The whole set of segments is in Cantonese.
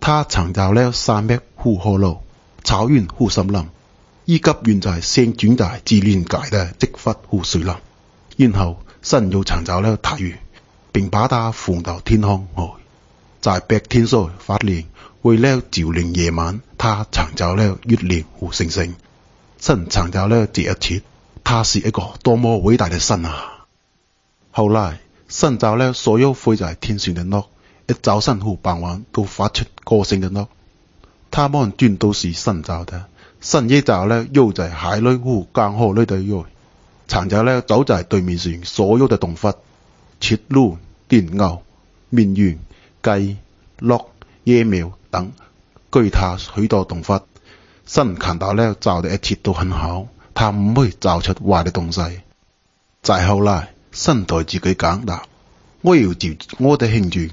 他成就了山岳、湖泊、路、草原、護森林，以及原在係星、轉就係自然界的積佛湖水林。然後神又成就了太陽，並把他放到天空外，在白天所發亮，為了照亮夜晚。他成就了月亮和星星，神成就了這一切，他是一個多麼偉大嘅神啊！後來神成就了所有飛在天上的諾。一早辛苦辦完，都發出歌聲咁多。他們全都是新造的，新一造咧，又在海裏、湖江河裏底，長者咧走在對面上，所有的動物，切鹿、電牛、綿羊、雞、鹿、椰苗等，其他許多動物，新長到咧造的一切都很好，他唔會造出壞的東西。再後來，新對自己講啦：我要接我的興趣。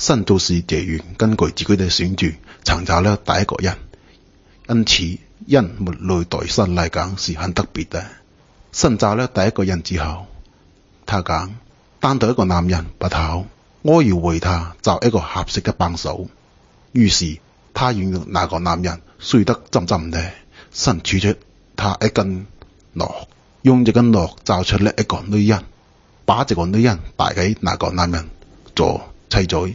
新造士謝元根據自己嘅選擇，尋找呢第一個人，因此人類對新嚟講是很特別嘅。新找呢第一個人之後，他講，單獨一個男人不好，我要為他找一個合適嘅幫手。於是他運用那個男人睡得浸浸嘅，伸取出他一根落，用一根落找出呢一個女人，把這個女人帶俾那個男人做妻子。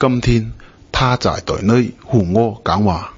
今天，他在隊裡和我講話。